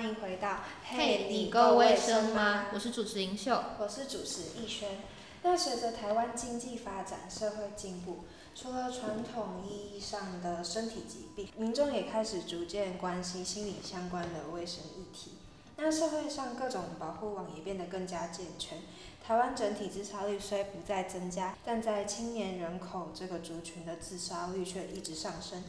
歡迎回到，嘿，你夠衛生嗎？我是主持盈秀，我是主持翊瑄。那隨着台灣經濟發展、社會進步，除了傳統意義上的身體疾病，民眾也開始逐漸關心心理相關的衛生議題。那社會上各種保護網也變得更加健全。台灣整體自殺率雖不再增加，但在青年人口這個族群的自殺率卻一直上升。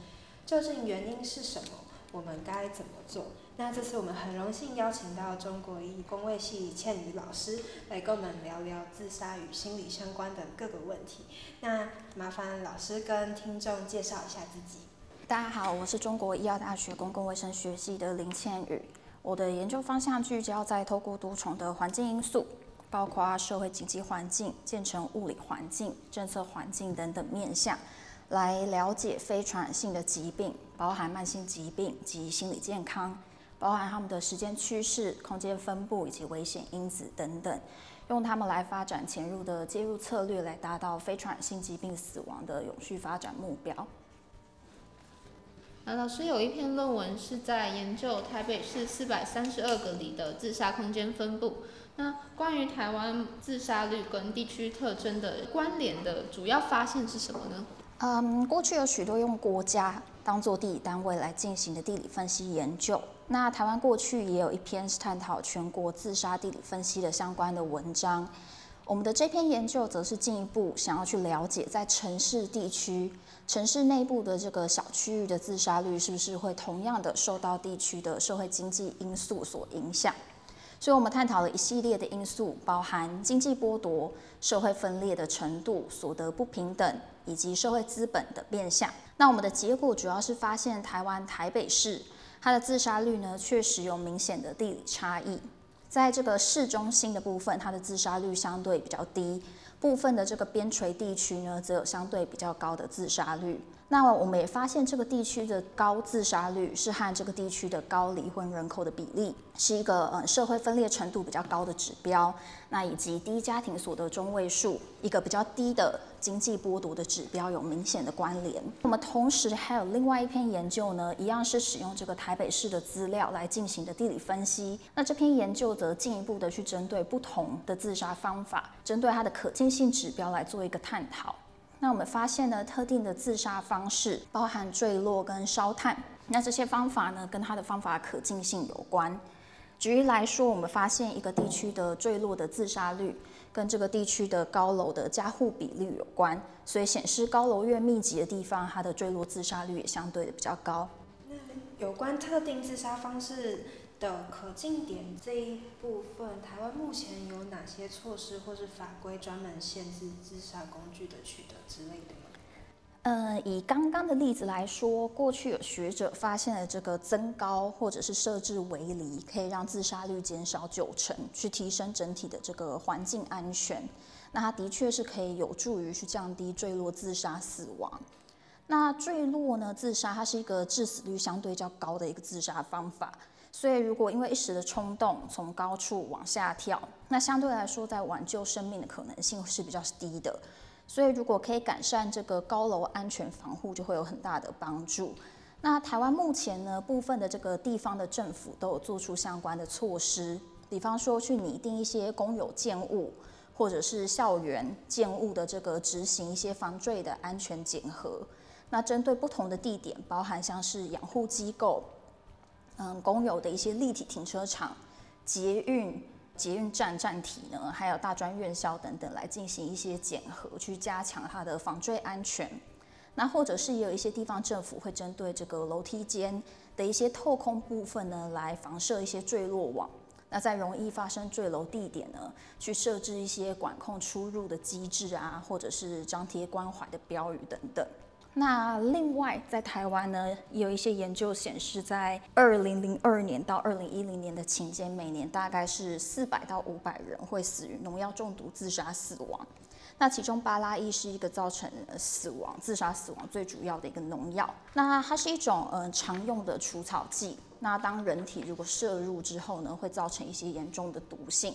究竟原因是什麼？我們該怎麼做？那這次我們很榮幸邀請到中國醫公衛系倩宇老師來跟我們聊聊自殺與心理相關的各個問題。那麻煩老師跟聽眾介紹一下自己。大家好，我是中國醫藥大學公共衛生學系的林倩宇。我的研究方向聚焦在透過多重的環境因素，包括社會經濟環境、建成物理環境、政策環境等等面向，來了解非傳染性的疾病，包含慢性疾病及心理健康。包含他們的時間趨勢、空間分佈以及危險因子等等，用他們來發展潛入的介入策略，來達到非傳染性疾病死亡的永續發展目標。啊，老師有一篇論文是在研究台北市四百三十二個里的自殺空間分佈。那關於台灣自殺率跟地區特徵的關聯的主要發現是什麼呢？嗯，過去有許多用國家當做地理單位來進行的地理分析研究。那台灣過去也有一篇是探討全國自殺地理分析的相關的文章，我們的這篇研究則是進一步想要去了解，在城市地區、城市內部的這個小區域的自殺率是不是會同樣的受到地區的社會經濟因素所影響。所以，我們探討了一系列的因素，包含經濟剝奪、社會分裂的程度、所得不平等以及社會資本的變相。那我們的結果主要是發現台灣台北市。它的自殺率呢，確實有明顯的地理差異，在這個市中心的部分，它的自殺率相對比較低。部分的這個邊陲地區呢，則有相對比較高的自殺率。那我們也發現，這個地區的高自殺率是和這個地區的高離婚人口的比例是一個呃社會分裂程度比較高的指標，那以及低家庭所得中位數，一個比較低的經濟剝奪的指標有明顯的關聯。那麼同時還有另外一篇研究呢，一樣是使用這個台北市的資料來進行的地理分析。那這篇研究則進一步的去針對不同的自殺方法。針對它的可近性指標來做一個探討。那我們發現呢，特定的自殺方式包含墜落跟燒炭。那這些方法呢，跟它的方法的可近性有關。舉例來說，我們發現一個地區的墜落的自殺率跟這個地區的高樓的家戶比率有關，所以顯示高樓越密集的地方，它的墜落自殺率也相對的比較高。那有關特定自殺方式。的可近點這一部分，台灣目前有哪些措施或是法規專門限制自殺工具的取得之類的？嗎、呃、嗯，以剛剛的例子來說，過去有學者發現了這個增高或者是設置圍籬，可以讓自殺率減少九成，去提升整體的這個環境安全。那它的確是可以有助於去降低墜落自殺死亡。那墜落呢，自殺它是一個致死率相對較高的一個自殺方法。所以，如果因為一時的衝動從高處往下跳，那相對來說，在挽救生命的可能性是比較低的。所以，如果可以改善這個高樓安全防護，就會有很大的幫助。那台灣目前呢，部分的這個地方的政府都有做出相關的措施，比方說去擬定一些公有建物或者是校園建物的這個執行一些防墜的安全檢核。那針對不同的地點，包含像是養護機構。嗯，公有的一些立體停車場、捷運、捷運站站體呢，還有大專院校等等，來進行一些檢核，去加強它的防墜安全。那或者是有一些地方政府會針對這個樓梯間的一些透空部分呢，來防設一些墜落網。那在容易發生墜樓地點呢，去設置一些管控出入的機制啊，或者是張貼關懷的標語等等。那另外，在台灣呢，有一些研究顯示，在二零零二年到二零一零年的期間，每年大概是四百到五百人會死於農藥中毒、自殺死亡。那其中巴拉刈是一個造成死亡、自殺死亡最主要的一個農藥。那它是一種嗯、呃、常用的除草劑。那當人體如果攝入之後呢，會造成一些嚴重的毒性。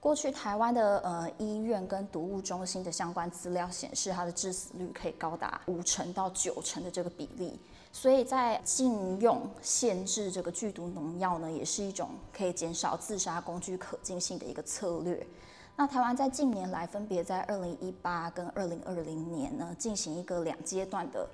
過去台灣的呃醫院跟毒物中心的相關資料顯示，它的致死率可以高達五成到九成的這個比例，所以在禁用、限制這個劇毒農藥呢，也是一種可以減少自殺工具可及性的一個策略。那台灣在近年來分別在二零一八跟二零二零年呢，進行一個兩階段的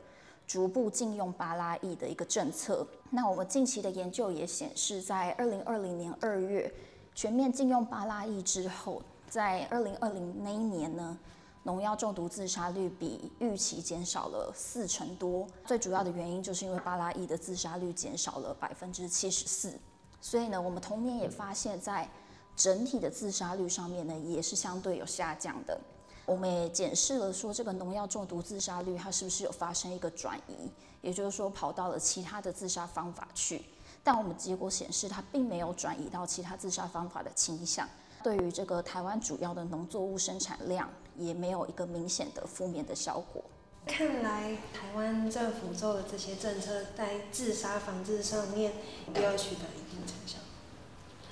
逐步禁用巴拉刈的一個政策。那我們近期的研究也顯示，在二零二零年二月。全面禁用巴拉刈之後，在二零二零那一年呢，農藥中毒自殺率比預期減少了四成多。最主要的原因就是因為巴拉刈的自殺率減少了百分之七十四，所以呢，我們同年也發現，在整體的自殺率上面呢，也是相對有下降的。我們也檢視了說這個農藥中毒自殺率它是不是有發生一個轉移，也就是說跑到了其他的自殺方法去。但我們結果顯示，它並沒有轉移到其他自殺方法的傾向。對於這個台灣主要的農作物生產量，也沒有一個明顯的負面的效果。看來台灣政府做的這些政策在自殺防治上面，要取得一定成效。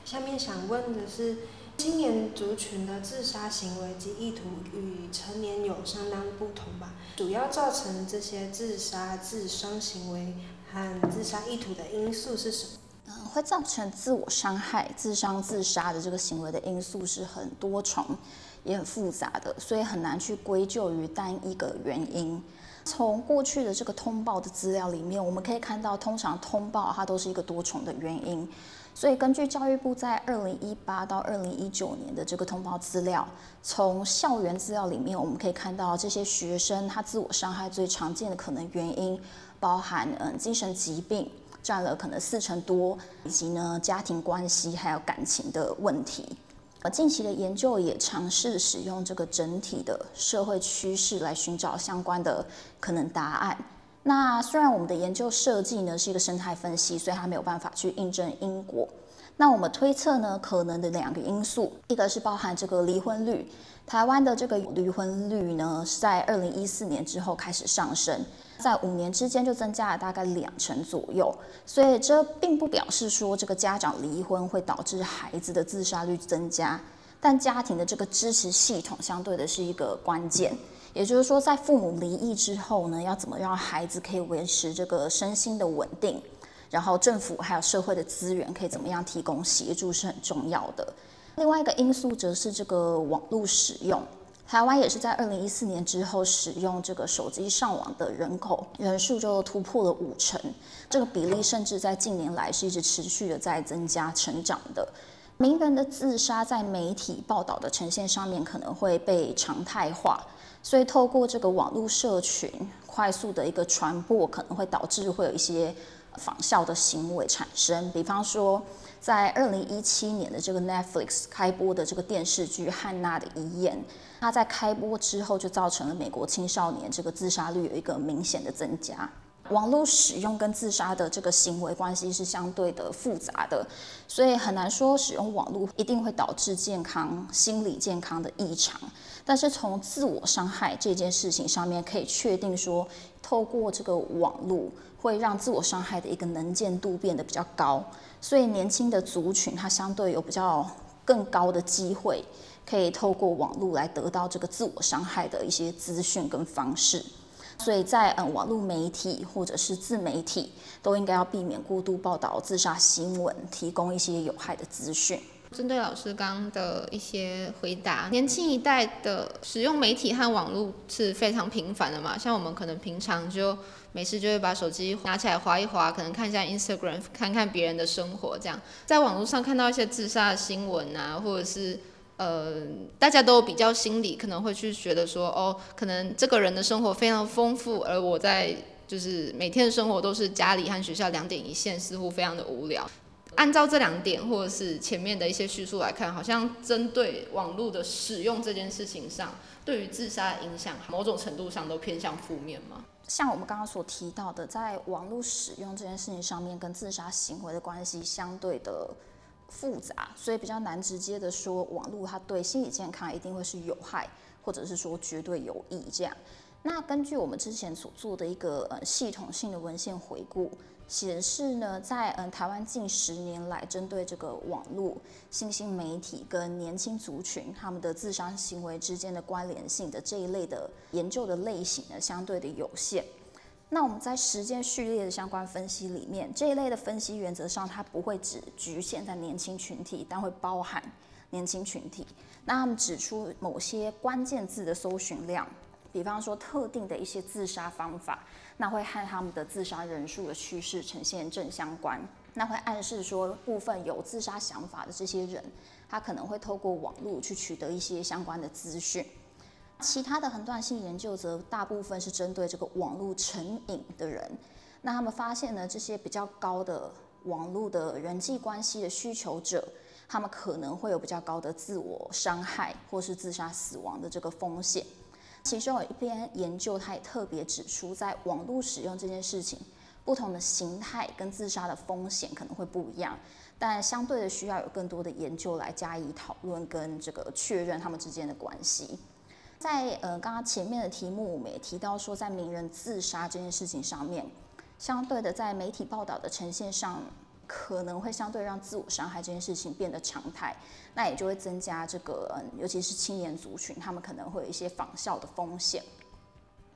下面想問的是，青年族群的自殺行為及意圖與成年有相當不同吧？主要造成這些自殺、自傷行為。自殺意圖的因素是什麼？嗯，會造成自我傷害、自傷、自殺的這個行為的因素是很多重，也很複雜的，所以很難去歸咎於單一個原因。從過去的這個通報的資料裡面，我們可以看到，通常通報它都是一個多重的原因。所以根據教育部在二零一八到二零一九年的這個通報資料，從校園資料裡面，我們可以看到這些學生他自我傷害最常見的可能原因，包含嗯，精神疾病占了可能四成多，以及呢，家庭關係還有感情的問題。而近期的研究也嘗試使用這個整體的社會趨勢來尋找相關的可能答案。那雖然我們的研究設計呢是一個生態分析，所以它沒有辦法去印證因果。那我們推測呢，可能的兩個因素，一個是包含這個離婚率，台灣的這個離婚率呢是在二零一四年之後開始上升，在五年之間就增加了大概兩成左右，所以這並不表示說這個家長離婚會導致孩子的自殺率增加，但家庭的這個支持系統相對的是一個關鍵，也就是說在父母離異之後呢，要怎麼讓孩子可以維持這個身心的穩定。然後政府還有社會的資源可以怎麼樣提供協助是很重要的。另外一個因素則是這個網絡使用，台灣也是在二零一四年之後，使用這個手機上網的人口人數就突破了五成，這個比例甚至在近年來是一直持續的在增加成長的。名人的自殺在媒體報道的呈現上面可能會被常態化，所以透過這個網絡社群快速的一個傳播，可能會導致會有一些。仿效的行為產生，比方說，在二零一七年的這個 Netflix 開播的這個電視劇《漢娜的遺言》，它在開播之後就造成了美國青少年這個自殺率有一個明顯的增加。網絡使用跟自殺的這個行為關係是相對的複雜的，所以很難說使用網絡一定會導致健康心理健康的異常。但是從自我傷害這件事情上面，可以確定說，透過這個網絡會讓自我傷害的一個能見度變得比較高。所以年輕的族群，它相對有比較更高的機會，可以透過網絡來得到這個自我傷害的一些資訊跟方式。所以在嗯網絡媒體或者是自媒體都應該要避免過度報道自殺新聞，提供一些有害的資訊。針對老師剛剛的一些回答，年輕一代的使用媒體和網絡是非常頻繁的嘛，像我們可能平常就沒事就會把手機拿起來滑一滑，可能看一下 Instagram，看看別人的生活這樣。在網絡上看到一些自殺的新聞啊，或者是。呃，大家都比較心理，可能會去覺得說，哦，可能這個人的生活非常豐富，而我在就是每天的生活都是家裡和學校兩點一線，似乎非常的無聊。按照這兩點或者是前面的一些敘述來看，好像針對網絡的使用這件事情上，對於自殺的影響某種程度上都偏向負面嗎？像我們剛剛所提到的，在網絡使用這件事情上面，跟自殺行為的關係相對的。複雜，所以比較難直接的說網絡它對心理健康一定會是有害，或者是說絕對有益這樣。那根據我們之前所做的一個呃、嗯、系統性的文獻回顧，顯示呢，在嗯台灣近十年來針對這個網絡新興媒體跟年輕族群他們的自傷行為之間的關聯性的這一類的研究的類型呢，相對的有限。那我們在時間序列的相關分析裡面，這一類的分析原則上它不會只局限在年輕群體，但會包含年輕群體。那他們指出某些關鍵字的搜尋量，比方說特定的一些自殺方法，那會和他們的自殺人數的趨勢呈現正相關，那會暗示說部分有自殺想法的這些人，他可能會透過網絡去取得一些相關的資訊。其他的橫斷性研究則大部分是針對這個網絡成癮的人，那他們發現呢，這些比較高的網絡的人際關係的需求者，他們可能會有比較高的自我傷害或是自殺死亡的這個風險。其中有一篇研究，他也特別指出，在網絡使用這件事情，不同的形態跟自殺的風險可能會不一樣，但相對的需要有更多的研究來加以討論跟這個確認他們之間的關係。在呃，剛剛前面的題目我們也提到說，在名人自殺這件事情上面，相對的，在媒體報道的呈現上，可能會相對讓自我傷害這件事情變得常態，那也就會增加這個，尤其是青年族群，他們可能會有一些仿效的風險。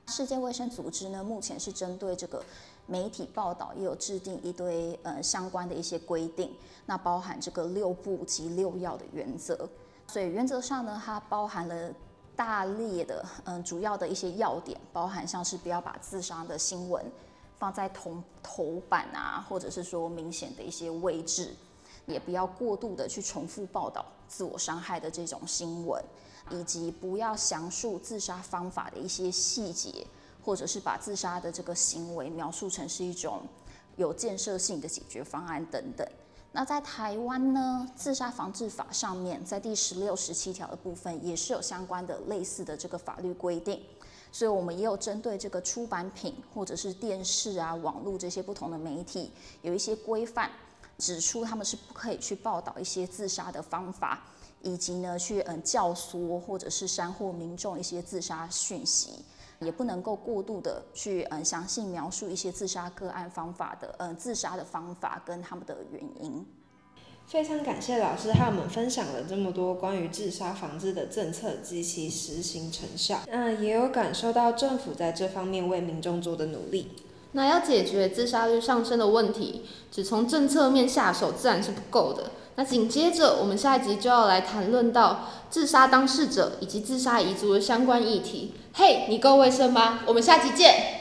世界衛生組織呢，目前是針對這個媒體報道，也有制定一堆呃相關的一些規定，那包含這個六不及六要的原則，所以原則上呢，它包含了。大略的，嗯，主要的一些要點，包含像是不要把自殺的新聞放在頭頭版啊，或者是說明顯的一些位置，也不要過度的去重複報道自我傷害的這種新聞，以及不要詳述自殺方法的一些細節，或者是把自殺的這個行為描述成是一種有建設性的解決方案等等。那在台灣呢，自殺防治法上面，在第十六、十七條的部分也是有相關的類似的這個法律規定，所以我們也有針對這個出版品或者是電視啊、網絡這些不同的媒體，有一些規範，指出他們是不可以去報道一些自殺的方法，以及呢去嗯教唆或者是煽惑民眾一些自殺訊息。也不能夠過度的去嗯詳細描述一些自殺個案方法的嗯自殺的方法跟他們的原因。非常感謝老師和我們分享了這麼多關於自殺防治的政策及其實行成效，那也有感受到政府在這方面為民眾做的努力。那要解決自殺率上升的問題，只從政策面下手自然是不夠的。那緊接着，我們下一集就要來談論到自殺當事者以及自殺遺族的相關議題。嘿、hey，你夠衛生嗎？我們下集見。